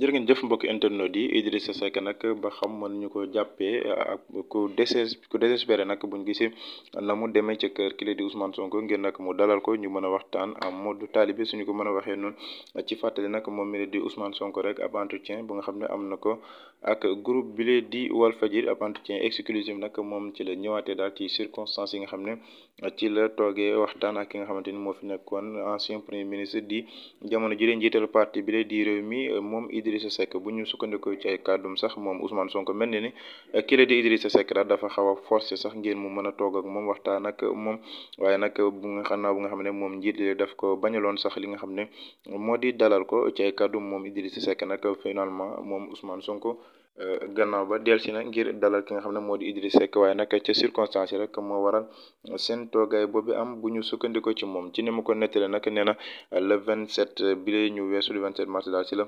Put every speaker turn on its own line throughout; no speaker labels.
jërë ngeen jëf mbokk internet yi Idrissa Seck nag ba xam mën ñu ko jàppee ak ku désés ku désespéré nag buñ gisee na mu demee ca kër kii di Ousmane Sonko ngir nag mu dalal ko ñu mën a waxtaan en mode talibé suñu ko a waxee noonu ci fàttali nag moom mi di Ousmane Sonko rek ab entretien bu nga xam ne am na ko ak groupe bi lee di Walfadjri ab entretien exclusif nag moom ci la ñëwaatee daal ci circonstances yi nga xam ne ci la toogee waxtaan ak ki nga xamante ni moo fi nekkoon ancien premier ministre di jamono ji jiital parti bi di réew Idrissa Seck bu ñu sukkandikoo ci ay kàddum sax moom Ousmane Sonko mel ni ni eh, kii di Idrissa Seck daal dafa xaw a forcé sax ngir mu mën a toog ak moom waxtaan ak moom waaye nag bu nga xam naa bu nga xam ne moom njiit li daf ko bañaloon sax li nga xam ne moo di dalal ko ci ay kàddum moom Idrissa Seck nag finalement moom Ousmane Sonko. Eh, gannaaw ba delsi na ngir dalal ki nga xam ne moo di Idriss Seck waaye nag ca circonstance rek moo waral seen toogaay boobu am bu ñu sukkandiku ci moom ci ni ma ko nettalee nag nee na le 27 bi la ñu weesu le 27 mars daal si la.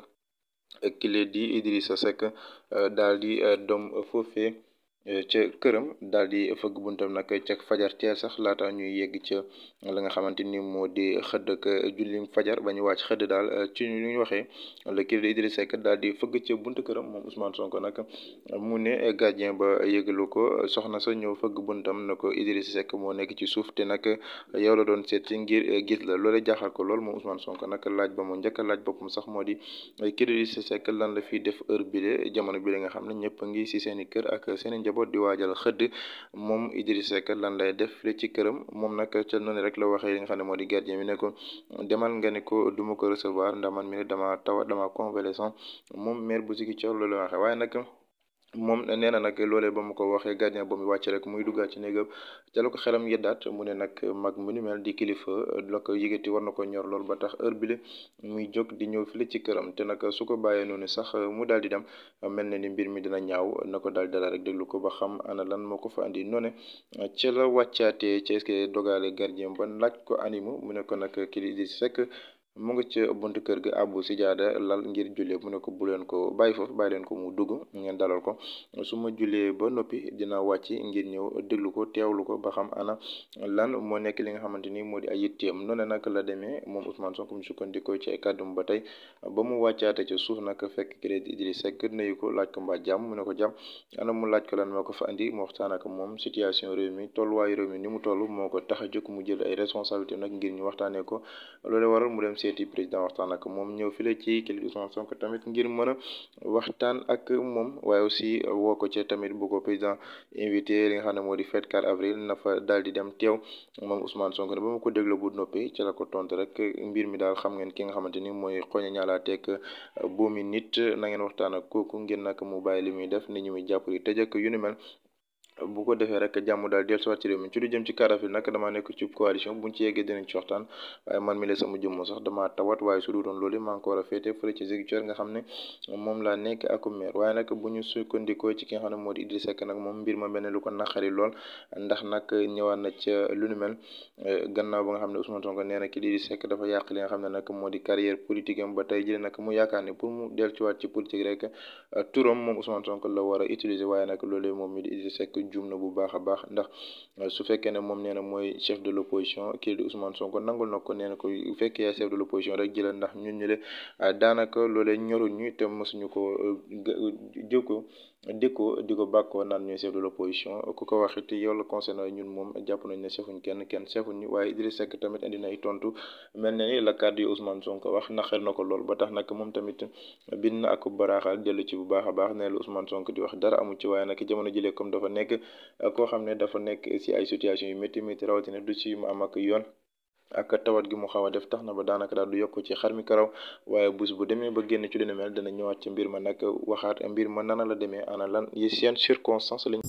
kile di Idrissa Seck eh, daal di eh, doom foofee Eh, ca këram daal di fëgg buntam nag ca fajar teel sax laata ñuy yegg ca la nga xamante ni moo di xëdd ak eh, jullim fajar ba ñu wàcc xëdd daal eh, ci ñu ñuy waxee le kii di Idrissa Seck daal di fëgg ca bunt këram moom usmaan Sonko nag mu ne gardien ba yëgalu ko soxna sa ñëw fëgg buntam na ko Idrissa Seck moo nekk ci suuf nag yow la doon seet si ngir gis la loole jaaxal ko lool moom Ousmane Sonko nag laaj ba mu njëkk laaj boppam sax moo di kii di Idrissa Seck lan la fiy def heure bile jamono bile nga xam ne ñëpp ngi si seen i kër ak seen njaboot di waajal xëdd moom Idrissa Seck lan lay def li ci këram moom nag ca noonu rek la waxee li nga xam ne moo di gardien bi ne ko demal nga ne ko duma ko recevoir ndax mi mi dama tawa dama convalescent moom maire bu Ziguinchor loolu la waxee waaye nag moom nee na nag loole ba mu ko waxee gardien ba mu wàcc rek muy duggaat ci néegam ca la ko xelam yeddaat mu ne nag mag mu di kilifa la ko yëgati war na ko ñor lool ba tax heure bile muy jóg di ñëw fi file ci këram te nag su ko bàyyee noonu sax mu daal di dem mel na ni mbir mi dina ñaaw na ko daal di dala rek déglu ko ba xam ana lan moo ko fa andi noone ca la wàccaatee ca est-ce que dogaale gardien ba laaj ko animu mu ne ko nag kili di sekk mu ngi ca buntu kër ga abu jaada lal ngir jullee mu ne ko buleen ko bàyyi foofu bàyyi leen ko mu dugg ngeen dalal ko su ma jullee ba noppi dina wàcc ngir ñëw déglu ko teewlu ko ba xam ana lan moo nekk li nga xamante ni moo di ay yitteem noonu nag la demee moom Ousmane Sonko mu sukkandikoo ci ay ba tey ba mu wàccaate ca suuf nag fekk crédit di sekk nayu ko laaj ko mbaa jàmm mu ne ko jàmm ana mu laaj ko lan moo ko fa andi mu waxtaan ak moom situation réew mi tolluwaayu réew mi ni mu toll moo ko tax a jóg mu jël ay responsabilité nag ngir ñu waxtaanee ko seeti président waxtaan ak moom ñëw file ci kii di Ousmane Sonko tamit ngir mën a waxtaan ak moom waaye aussi woo ko ci tamit bu ko président invité li nga xam ne moo di fête 4 avril na fa daal di dem teew moom Ousmane Sonko ne ba ma ko déglu bu noppi ci la ko tont rek mbir mi daal xam ngeen ki nga xamante ni mooy xooña bo mi nit na ngeen waxtaan ak kooku ngeen nag mu bàyyi li muy def ni ñu jàpp di tëj ak yu ni mel bu ko defee rek jàmm daal dellusiwaat ci réew mi ci lu jëm ci karafil nag damaa nekk ci coalition buñ ci yeggee dinañ ci waxtaan waaye man mi la sama jëmm sax damaa tawat waaye su dul doon loolu maa ngi war a féete fële nekk ak ki nga xam ne moo di Idrissa Seck moom mbir ma benn lu ko naqari lool na ca lu nu mel gannaaw ba nga xam ne Ousmane Sonko nee na ki di Idrissa nga xam ne nag moo di carrière politique am yaakaar ne pour mu dellusiwaat ci politique rek turam moom Ousmane Sonko la war a utiliser waaye nag loolu moom mi di Idrissa Seck juum na bu baax a baax ndax euh, su fekkee ne moom nee na mooy chef de l'opposition kii di Ousmane Sonko nangul ko nee na ko bu fekkee yaay chef de l'opposition rek jëlal ndax ñun ñu le euh, daanaka loolee ñoruñ ñu te mosuñu ko jëw euh, ko dëkko di ko bàkkoo naan ñooy chef de l'opposition ku ko wax it yow la concerné ñun moom jàpp nañ ne chefuñ kenn kenn chefuñ ñu waaye Idriss Seck tamit indi na ay tontu na ni la kàddu yi Ousmane Sonko wax naqar na ko lool ba tax nag moom tamit bind na ak baraaxal dellu ci bu a baax ne la Ousmane Sonko di wax dara amu ci waaye nag jamono jëlee comme dafa nekk Euh, koo xam ne dafa nekk si ay situation yu métti métti rawatina du si am ak yoon. ak tawat gi mu xaw a def tax na ba daanaka daal du yokk ci xar mi karaw waaye bus bu demee ba génn ci lu mel dana ñëwaat ci mbir ma nag waxaat mbir ma nana la demee ana lan yi seen circonstance lañ.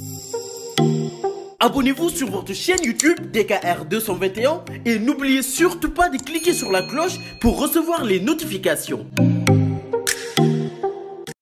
Abonnez-vous sur votre chaîne YouTube DKR 221 et n'oubliez surtout pas de cliquer sur la cloche pour recevoir les notifications.